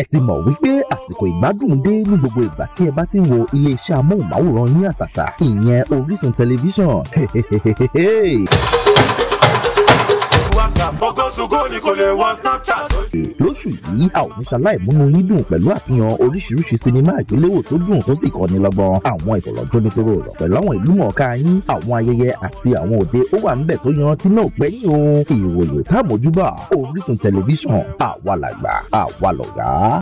ẹ ti mọ̀ wípé àsìkò ìgbádùn dé ní gbogbo ìgbà tí ẹ bá ti ń wo iléeṣẹ́ amóhùnmáwòrán yín àtàtà ìyẹn Orísun tẹlifíṣàn Ogosugo ni kò lè wọ Snapchat. lóṣù yìí a ò ní ṣaláì múnú yín dùn pẹ̀lú àfihàn oríṣiríṣi sinimá àgbéléwò tó dùn tó sì kọ́ni lọ́gbọ́n àwọn ìfọ̀rọ̀jómitoro rọ̀ pẹ̀lú àwọn ìlú mọ̀ọ́ká yín àwọn ayẹyẹ àti àwọn òde ó wà níbẹ̀ tó yan tí náà gbẹ́yìn o ìròyìn tá àmójúbà Orísun tẹlifíṣàn àwa làgbà àwa lọ̀gá.